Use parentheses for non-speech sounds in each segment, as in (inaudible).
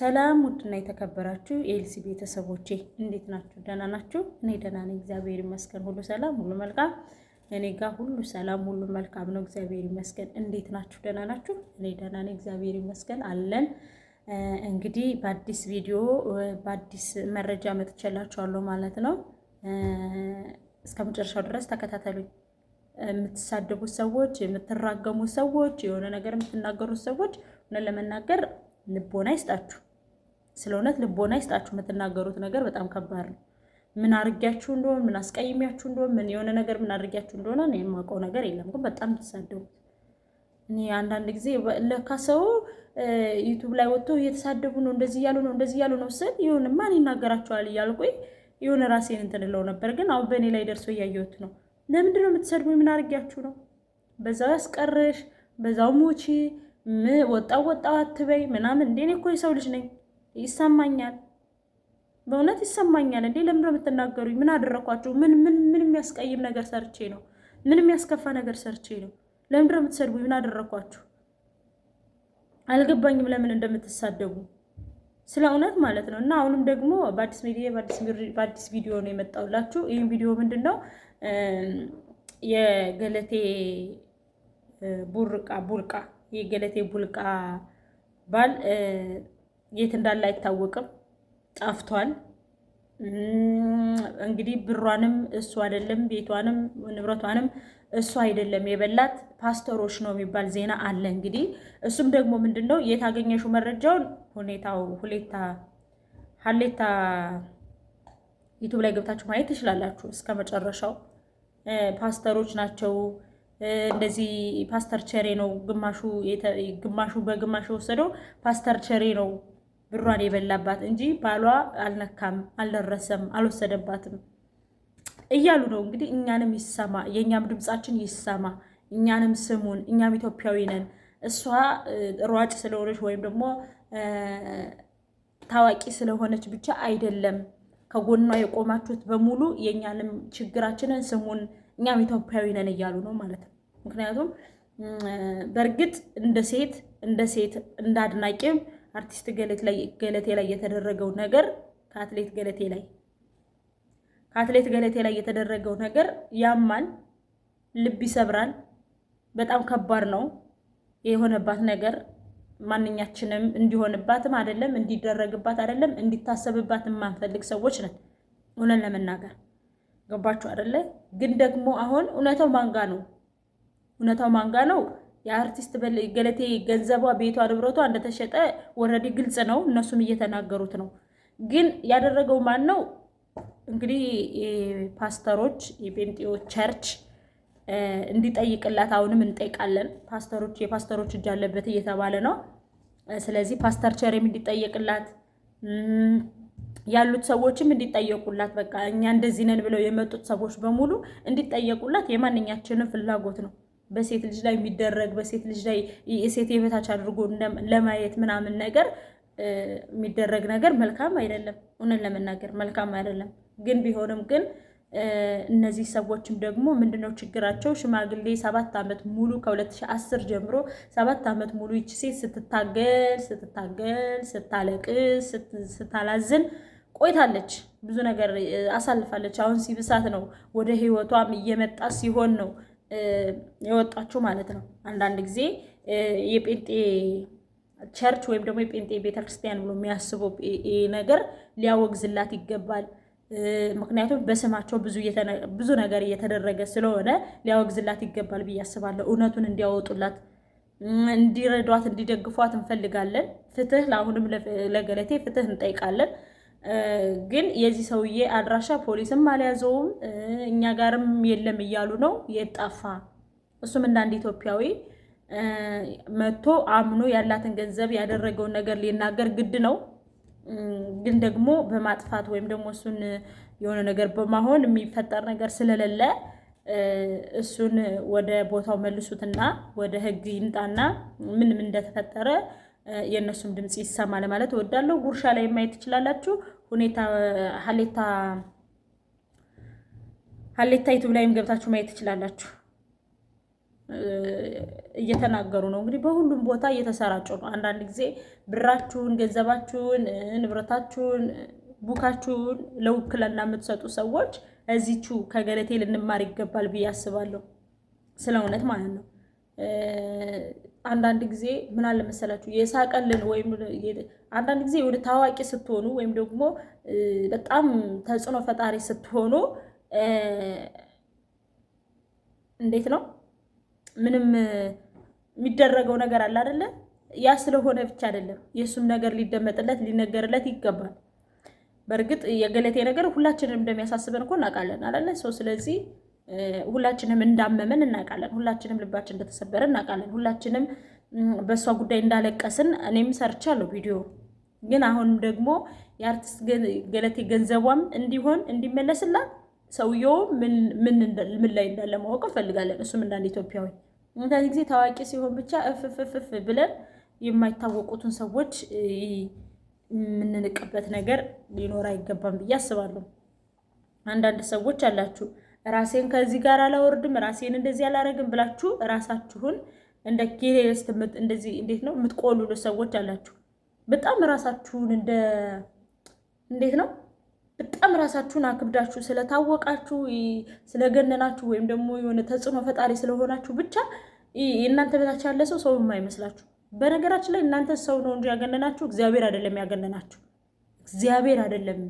ሰላም ውድና የተከበራችሁ የኤልሲ ቤተሰቦቼ እንዴት ናችሁ? ደህና ናችሁ? እኔ ደህና ነኝ፣ እግዚአብሔር ይመስገን። ሁሉ ሰላም፣ ሁሉ መልካም። እኔ ጋር ሁሉ ሰላም፣ ሁሉ መልካም ነው፣ እግዚአብሔር ይመስገን። እንዴት ናችሁ? ደህና ናችሁ? እኔ ደህና ነኝ፣ እግዚአብሔር ይመስገን አለን። እንግዲህ በአዲስ ቪዲዮ በአዲስ መረጃ መጥቼላችኋለሁ ማለት ነው። እስከ መጨረሻው ድረስ ተከታተሉኝ። የምትሳደቡ ሰዎች፣ የምትራገሙ ሰዎች፣ የሆነ ነገር የምትናገሩት ሰዎች ሆነ ለመናገር ልቦና ይስጣችሁ። ስለ እውነት ልቦና ይስጣችሁ። የምትናገሩት ነገር በጣም ከባድ ነው። ምን አድርጊያችሁ እንደሆን ምን አስቀይሚያችሁ እንደሆን ምን የሆነ ነገር ምን አድርጊያችሁ እንደሆነ እኔ የማውቀው ነገር የለም፣ ግን በጣም ተሳደቡ። እኔ አንዳንድ ጊዜ ለካ ሰው ዩቱብ ላይ ወጥቶ እየተሳደቡ ነው እንደዚህ እያሉ ነው እንደዚህ እያሉ ነው ስል ይሁን ማን ይናገራቸዋል እያልኩኝ የሆነ ራሴን እንትን እለው ነበር፣ ግን አሁን በእኔ ላይ ደርሶ እያየሁት ነው። ለምንድን ነው የምትሰድቡ? ምን አድርጊያችሁ ነው? በዛው ያስቀርሽ፣ በዛው ሞቺ ወጣው ወጣው አትበይ ምናምን። እንዴ እኔ እኮ የሰው ልጅ ነኝ ይሰማኛል፣ በእውነት ይሰማኛል። እንዴ ለምን ነው የምትናገሩኝ? ምን አደረኳችሁ? ምን ምን ምን የሚያስቀይም ነገር ሰርቼ ነው? ምን የሚያስከፋ ነገር ሰርቼ ነው? ለምን ነው የምትሰድቡኝ? ምን አደረኳችሁ? አልገባኝም ለምን እንደምትሳደቡ ስለ እውነት ማለት ነው። እና አሁንም ደግሞ በአዲስ ሚዲያ በአዲስ ቪዲዮ ነው የመጣውላችሁ። ይህም ቪዲዮ ምንድን ነው የገለቴ ቡርቃ ቡልቃ የገለቴ ቡልቃ ባል የት እንዳለ አይታወቅም፣ ጠፍቷል። እንግዲህ ብሯንም እሱ አይደለም ቤቷንም ንብረቷንም እሱ አይደለም የበላት ፓስተሮች ነው የሚባል ዜና አለ። እንግዲህ እሱም ደግሞ ምንድን ነው የታገኘሹ መረጃውን ሁኔታው ሁሌታ ሀሌታ ዩቱብ ላይ ገብታችሁ ማየት ትችላላችሁ እስከ መጨረሻው። ፓስተሮች ናቸው እንደዚህ ፓስተር ቸሬ ነው ግማሹ በግማሽ የወሰደው ፓስተር ቸሬ ነው ብሯን የበላባት እንጂ ባሏ አልነካም፣ አልደረሰም፣ አልወሰደባትም እያሉ ነው እንግዲህ። እኛንም ይሰማ፣ የእኛም ድምፃችን ይሰማ፣ እኛንም ስሙን፣ እኛም ኢትዮጵያዊ ነን። እሷ ሯጭ ስለሆነች ወይም ደግሞ ታዋቂ ስለሆነች ብቻ አይደለም። ከጎኗ የቆማችሁት በሙሉ የእኛንም ችግራችንን ስሙን፣ እኛም ኢትዮጵያዊ ነን እያሉ ነው ማለት ነው። ምክንያቱም በእርግጥ እንደ ሴት እንደ ሴት እንደ አርቲስት ገለቴ ላይ የተደረገው ነገር ከአትሌት ገለቴ ላይ ከአትሌት ገለቴ ላይ የተደረገው ነገር ያማል፣ ልብ ይሰብራል፣ በጣም ከባድ ነው የሆነባት ነገር ማንኛችንም እንዲሆንባትም አይደለም እንዲደረግባት አይደለም እንዲታሰብባት የማንፈልግ ሰዎች ነን። ሆነን ለመናገር ገባችሁ አይደለ? ግን ደግሞ አሁን እውነታው ማንጋ ነው፣ እውነታው ማንጋ ነው። የአርቲስት ገለቴ ገንዘቧ፣ ቤቷ፣ ንብረቷ እንደተሸጠ ወረዲ ግልጽ ነው። እነሱም እየተናገሩት ነው። ግን ያደረገው ማን ነው? እንግዲህ ፓስተሮች የጴንጤዎ ቸርች እንዲጠይቅላት አሁንም እንጠይቃለን። ፓስተሮች የፓስተሮች እጅ አለበት እየተባለ ነው። ስለዚህ ፓስተር ቸሬም እንዲጠየቅላት ያሉት ሰዎችም እንዲጠየቁላት፣ በቃ እኛ እንደዚህ ነን ብለው የመጡት ሰዎች በሙሉ እንዲጠየቁላት የማንኛችንም ፍላጎት ነው። በሴት ልጅ ላይ የሚደረግ በሴት ልጅ ላይ ሴት የበታች አድርጎ ለማየት ምናምን ነገር የሚደረግ ነገር መልካም አይደለም። እውነት ለመናገር መልካም አይደለም። ግን ቢሆንም ግን እነዚህ ሰዎችም ደግሞ ምንድነው ችግራቸው? ሽማግሌ ሰባት ዓመት ሙሉ ከ2010 ጀምሮ ሰባት ዓመት ሙሉ ይቺ ሴት ስትታገል ስትታገል ስታለቅስ ስታላዝን ቆይታለች። ብዙ ነገር አሳልፋለች። አሁን ሲብሳት ነው ወደ ህይወቷም እየመጣ ሲሆን ነው የወጣችው ማለት ነው። አንዳንድ ጊዜ የጴንጤ ቸርች ወይም ደግሞ የጴንጤ ቤተክርስቲያን ብሎ የሚያስበው ነገር ሊያወግዝላት ይገባል። ምክንያቱም በስማቸው ብዙ ነገር እየተደረገ ስለሆነ ሊያወግዝላት ይገባል ብዬ አስባለሁ። እውነቱን እንዲያወጡላት፣ እንዲረዷት፣ እንዲደግፏት እንፈልጋለን። ፍትህ ለአሁንም ለገለቴ ፍትህ እንጠይቃለን። ግን የዚህ ሰውዬ አድራሻ ፖሊስም አልያዘውም እኛ ጋርም የለም እያሉ ነው የጣፋ እሱም እንደ አንድ ኢትዮጵያዊ መጥቶ አምኖ ያላትን ገንዘብ ያደረገውን ነገር ሊናገር ግድ ነው። ግን ደግሞ በማጥፋት ወይም ደግሞ እሱን የሆነ ነገር በማሆን የሚፈጠር ነገር ስለሌለ እሱን ወደ ቦታው መልሱትና ወደ ሕግ ይምጣና ምንም እንደተፈጠረ የእነሱም ድምፅ ይሰማል ማለት እወዳለሁ። ጉርሻ ላይ ማየት ትችላላችሁ። ሁኔታ ሀሌታ ሀሌታ ዩቱብ ላይም ገብታችሁ ማየት ትችላላችሁ። እየተናገሩ ነው እንግዲህ በሁሉም ቦታ እየተሰራጩ ነው። አንዳንድ ጊዜ ብራችሁን፣ ገንዘባችሁን፣ ንብረታችሁን፣ ቡካችሁን ለውክልና የምትሰጡ ሰዎች እዚቹ ከገለቴ ልንማር ይገባል ብዬ አስባለሁ። ስለ እውነት ማለት ነው። አንዳንድ ጊዜ ምን አለ መሰላችሁ የሳቀልን ወይም አንዳንድ ጊዜ ወደ ታዋቂ ስትሆኑ ወይም ደግሞ በጣም ተጽዕኖ ፈጣሪ ስትሆኑ እንዴት ነው ምንም የሚደረገው ነገር አለ አይደለ? ያ ስለሆነ ብቻ አይደለም፣ የእሱም ነገር ሊደመጥለት ሊነገርለት ይገባል። በእርግጥ የገለቴ ነገር ሁላችንም እንደሚያሳስበን እኮ እናውቃለን አይደለ? ሰው ስለዚህ ሁላችንም እንዳመመን እናውቃለን። ሁላችንም ልባችን እንደተሰበረ እናውቃለን። ሁላችንም በእሷ ጉዳይ እንዳለቀስን እኔም ሰርቻለሁ ቪዲዮ። ግን አሁን ደግሞ የአርቲስት ገለቴ ገንዘቧም እንዲሆን እንዲመለስላት ሰውየው ምን ላይ እንዳለ ማወቅ እንፈልጋለን። እሱም እንዳንድ ኢትዮጵያዊ አንዳንድ ጊዜ ታዋቂ ሲሆን ብቻ እፍፍፍፍ ብለን የማይታወቁትን ሰዎች የምንንቅበት ነገር ሊኖር አይገባም ብዬ አስባለሁ። አንዳንድ ሰዎች አላችሁ ራሴን ከዚህ ጋር አላወርድም፣ ራሴን እንደዚህ አላረግም ብላችሁ ራሳችሁን እንደ ኬሬስ እንደዚህ እንዴት ነው የምትቆሉ ሰዎች አላችሁ። በጣም ራሳችሁን እንደ እንዴት ነው በጣም ራሳችሁን አክብዳችሁ ስለታወቃችሁ ስለገነናችሁ፣ ወይም ደግሞ የሆነ ተጽዕኖ ፈጣሪ ስለሆናችሁ ብቻ እናንተ በታች ያለ ሰው ሰው የማይመስላችሁ። በነገራችን ላይ እናንተ ሰው ነው እንጂ ያገነናችሁ እግዚአብሔር አይደለም። ያገነናችሁ እግዚአብሔር አይደለም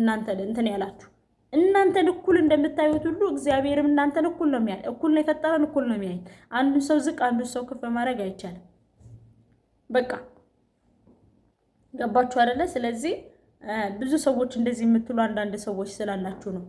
እናንተ እንትን ያላችሁ እናንተን እኩል እንደምታዩት ሁሉ እግዚአብሔርም እናንተን እኩል ነው የሚያይ። እኩል ነው የፈጠረን፣ እኩል ነው የሚያይ። አንዱ ሰው ዝቅ፣ አንዱ ሰው ከፍ ማድረግ አይቻልም። በቃ ገባችሁ አይደለ? ስለዚህ ብዙ ሰዎች እንደዚህ የምትሉ አንዳንድ ሰዎች ስላላችሁ ነው።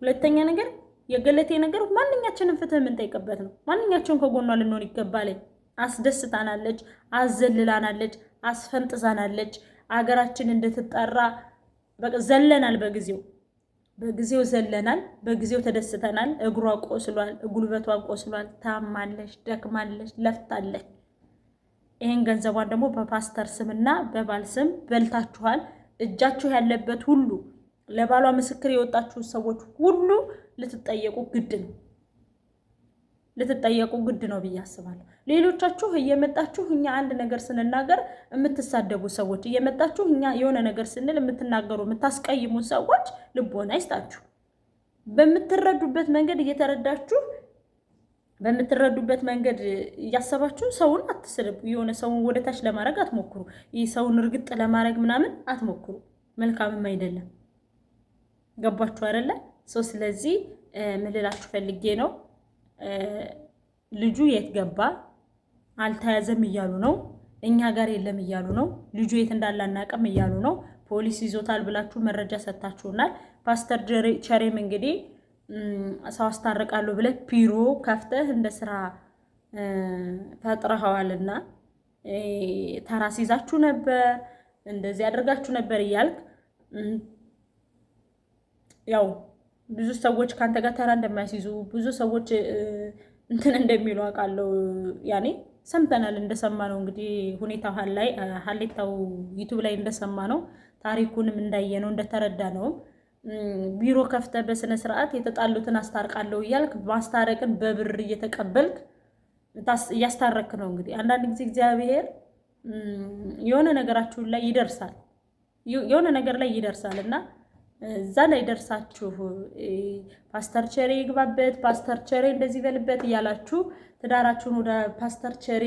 ሁለተኛ ነገር የገለቴ ነገር ማንኛችንም ፍትህ የምንጠይቅበት ነው። ማንኛቸውን ከጎኗ ልንሆን ይገባል። አስደስታናለች፣ አዘልላናለች፣ አስፈንጥዛናለች። አገራችን እንድትጠራ ዘለናል በጊዜው በጊዜው ዘለናል፣ በጊዜው ተደስተናል። እግሯ ቆስሏል፣ ጉልበቷ ቆስሏል፣ ታማለች፣ ደክማለች፣ ለፍታለች። ይህን ገንዘቧን ደግሞ በፓስተር ስምና በባል ስም በልታችኋል። እጃችሁ ያለበት ሁሉ ለባሏ ምስክር የወጣችሁ ሰዎች ሁሉ ልትጠየቁ ግድ ነው። ልትጠየቁ ግድ ነው ብዬ አስባለሁ። ሌሎቻችሁ እየመጣችሁ እኛ አንድ ነገር ስንናገር የምትሳደቡ ሰዎች እየመጣችሁ እኛ የሆነ ነገር ስንል የምትናገሩ የምታስቀይሙ ሰዎች ልቦና ይስጣችሁ። በምትረዱበት መንገድ እየተረዳችሁ በምትረዱበት መንገድ እያሰባችሁ ሰውን አትስደቡ። የሆነ ሰውን ወደታች ለማድረግ አትሞክሩ። ይህ ሰውን እርግጥ ለማድረግ ምናምን አትሞክሩ። መልካምም አይደለም። ገባችሁ አይደለ? ሰው ስለዚህ ምልላችሁ ፈልጌ ነው። ልጁ የት ገባ አልተያዘም እያሉ ነው። እኛ ጋር የለም እያሉ ነው። ልጁ የት እንዳለ አናውቅም እያሉ ነው። ፖሊስ ይዞታል ብላችሁ መረጃ ሰጥታችሁናል። ፓስተር ቸሬም እንግዲህ ሰው አስታርቃለሁ ብለህ ቢሮ ከፍተህ እንደ ስራ ፈጥረኸዋልና ተራስ ይዛችሁ ነበር፣ እንደዚህ አድርጋችሁ ነበር እያልክ ያው ብዙ ሰዎች ከአንተ ጋር ተራ እንደማያስይዙ ብዙ ሰዎች እንትን እንደሚሉ አውቃለሁ። ያኔ ሰምተናል፣ እንደሰማ ነው እንግዲህ ሁኔታ ላይ ሀሌታው ዩቱብ ላይ እንደሰማ ነው፣ ታሪኩንም እንዳየ ነው፣ እንደተረዳ ነው። ቢሮ ከፍተ በስነ ስርዓት የተጣሉትን አስታርቃለሁ እያልክ ማስታረቅን በብር እየተቀበልክ እያስታረክ ነው። እንግዲህ አንዳንድ ጊዜ እግዚአብሔር የሆነ ነገራችሁን ላይ ይደርሳል፣ የሆነ ነገር ላይ ይደርሳል እና እዛ ላይ ደርሳችሁ ፓስተር ቸሬ ይግባበት፣ ፓስተር ቸሬ እንደዚህ በልበት እያላችሁ ትዳራችሁን ወደ ፓስተር ቸሬ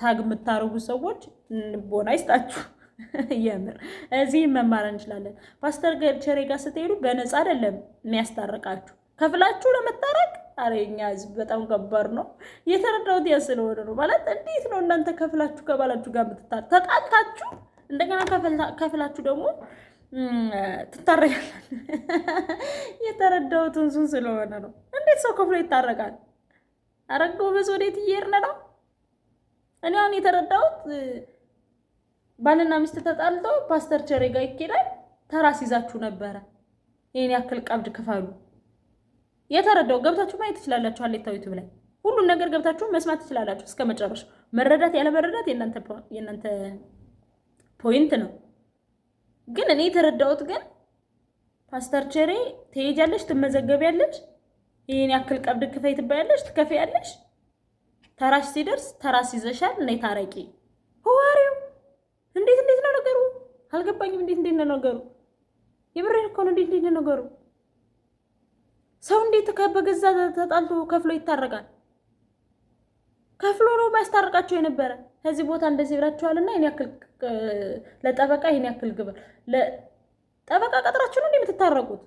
ታግ የምታደርጉ ሰዎች ቦና ይስጣችሁ። (laughs) የምር እዚህ መማር እንችላለን። ፓስተር ቸሬ ጋር ስትሄዱ በነፃ አይደለም የሚያስታርቃችሁ፣ ከፍላችሁ ለመታረቅ አረ እኛ ህዝብ በጣም ከባድ ነው። የተረዳሁት ያ ስለሆነ ነው። ማለት እንዴት ነው እናንተ ከፍላችሁ ከባላችሁ ጋር ምትታ ተጣልታችሁ እንደገና ከፍላችሁ ደግሞ ትታረቃለን። የተረዳሁት እንሱን ስለሆነ ነው። እንዴት ሰው ከፍሎ ይታረቃል? አረገው በዝ ወዴት እየሄድን ነው? እኔ አሁን የተረዳሁት ባልና ሚስት ተጣልተው ፓስተር ቸሬ ጋር ይኬዳል። ተራስ ይዛችሁ ነበረ ይህን ያክል ቀብድ ክፈሉ። የተረዳው ገብታችሁ ማየት ትችላላችሁ። አሌታው ዩቱብ ላይ ሁሉን ነገር ገብታችሁ መስማት ትችላላችሁ እስከ መጨረሻ። መረዳት ያለመረዳት የእናንተ ፖይንት ነው። ግን እኔ የተረዳሁት ግን ፓስተር ቸሬ ትሄጃለሽ፣ ትመዘገቢያለሽ፣ ይህን ያክል ቀብድ ክፈይ ትባያለሽ፣ ትከፍያለሽ። ተራሽ ሲደርስ ተራስ ይዘሻል፣ ነይ ታረቂ። ህዋሪው እንዴት እንዴት ነው ነገሩ? አልገባኝም። እንዴት እንዴት ነው ነገሩ? የምሬን እኮ ነው። እንዴት እንዴት ነው ነገሩ? ሰው እንዴት በገዛ ተጣልቶ ከፍሎ ይታረቃል? ከፍሎ ነው የሚያስታርቃቸው የነበረ ከዚህ ቦታ እንደዚህ እና ይሄን ያክል ለጠበቃ ይሄን ያክል ግብር ለጠበቃ ቀጥራችሁ ነው የምትታረቁት?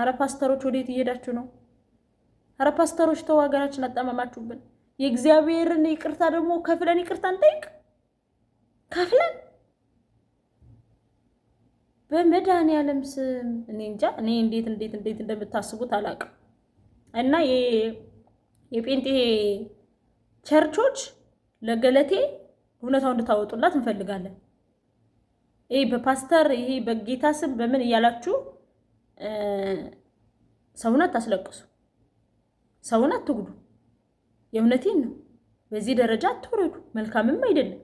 አረ ፓስተሮች ወዴት እየሄዳችሁ ነው? አረ ፓስተሮች ተው፣ ሀገራችን አጠመማችሁብን። የእግዚአብሔርን ይቅርታ ደግሞ ከፍለን ይቅርታ እንጠይቅ ከፍለን ያለም ስም እኔ እንጃ እኔ እንዴት እንዴት እንዴት እንደምታስቡት አላውቅም። እና የጴንጤ ቸርቾች ለገለቴ እውነታውን እንድታወጡላት እንፈልጋለን። ይሄ በፓስተር ይሄ በጌታ ስም በምን እያላችሁ ሰውን አታስለቅሱ፣ ሰውን አትጉዱ። የእውነቴን ነው። በዚህ ደረጃ አትውረዱ። መልካምም አይደለም፣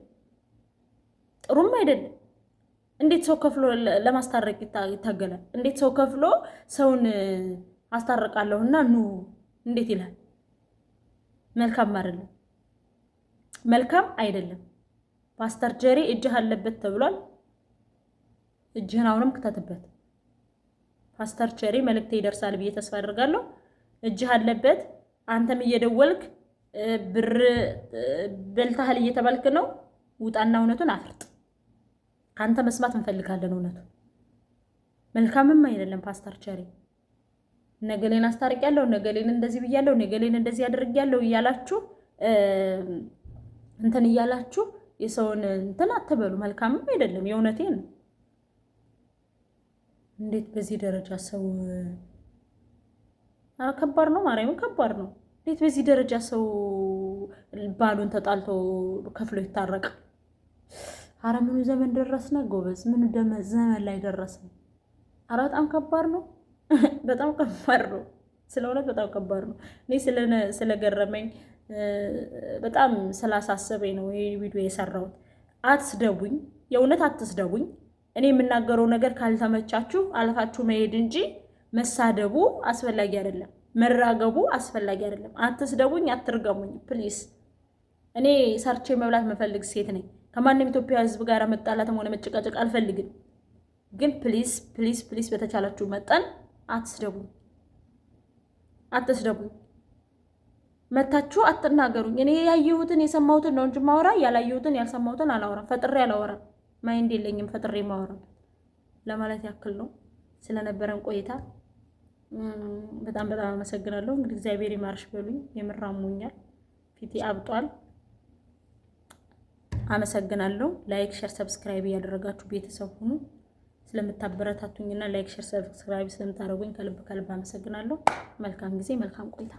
ጥሩም አይደለም። እንዴት ሰው ከፍሎ ለማስታረቅ ይታገላል? እንዴት ሰው ከፍሎ ሰውን አስታርቃለሁና ኑ እንዴት ይላል? መልካም አይደለም። መልካም አይደለም። ፓስተር ጀሪ እጅህ አለበት ተብሏል። እጅህን አሁንም ክተትበት። ፓስተር ቸሪ መልእክቴ ይደርሳል ብዬ ተስፋ አድርጋለሁ። እጅህ አለበት። አንተም እየደወልክ ብር በልተሃል እየተባልክ ነው። ውጣና እውነቱን አፍርጥ። ከአንተ መስማት እንፈልጋለን እውነቱ። መልካምም አይደለም ፓስተር ቸሪ ነገሌን አስታርቅ አስታርቂያለሁ፣ ነገሌን እንደዚህ ብያለሁ፣ ነገሌን እንደዚህ አድርጊያለሁ እያላችሁ እንትን እያላችሁ የሰውን እንትን አትበሉ። መልካምም አይደለም። የእውነቴ ነው። እንዴት በዚህ ደረጃ ሰው ከባድ ነው። ማርያም ከባድ ነው። እንዴት በዚህ ደረጃ ሰው ባሉን ተጣልቶ ከፍሎ ይታረቅ? አረ ምኑ ዘመን ደረስነ ጎበዝ፣ ምኑ ዘመን ላይ ደረስነ። አረ በጣም ከባድ ነው። (laughs) በጣም ከባድ ነው። ስለ እውነት በጣም ከባድ ነው። እኔ ስለገረመኝ በጣም ስላሳሰበኝ ነው ይህ ቪዲዮ የሰራሁት። አትስደቡኝ፣ የእውነት አትስደቡኝ። እኔ የምናገረው ነገር ካልተመቻችሁ አልፋችሁ መሄድ እንጂ መሳደቡ አስፈላጊ አይደለም፣ መራገቡ አስፈላጊ አይደለም። አትስደቡኝ፣ አትርገሙኝ ፕሊስ። እኔ ሰርቼ መብላት መፈልግ ሴት ነኝ። ከማንም ኢትዮጵያ ሕዝብ ጋር መጣላትም ሆነ መጨቃጨቅ አልፈልግም። ግን ፕሊስ ፕሊስ ፕሊስ፣ በተቻላችሁ መጠን አትስደቡኝ፣ አትስደቡኝ። መታችሁ አትናገሩኝ። እኔ ያየሁትን የሰማሁትን ነው እንጂ ማወራ ያላየሁትን ያልሰማሁትን አላወራም። ፈጥሬ አላወራም። ማይንድ የለኝም ፈጥሬ ማወራም ለማለት ያክል ነው። ስለነበረን ቆይታ በጣም በጣም አመሰግናለሁ። እንግዲህ እግዚአብሔር ይማርሽ በሉኝ። የምራሙኛል ፊቴ አብጧል። አመሰግናለሁ። ላይክ፣ ሸር ሰብስክራይብ እያደረጋችሁ ቤተሰብ ሁኑ። ስለምታበረታቱኝና ላይክ፣ ሸር፣ ሰብስክራይብ ስለምታደርጉኝ ከልብ ከልብ አመሰግናለሁ። መልካም ጊዜ፣ መልካም ቆይታ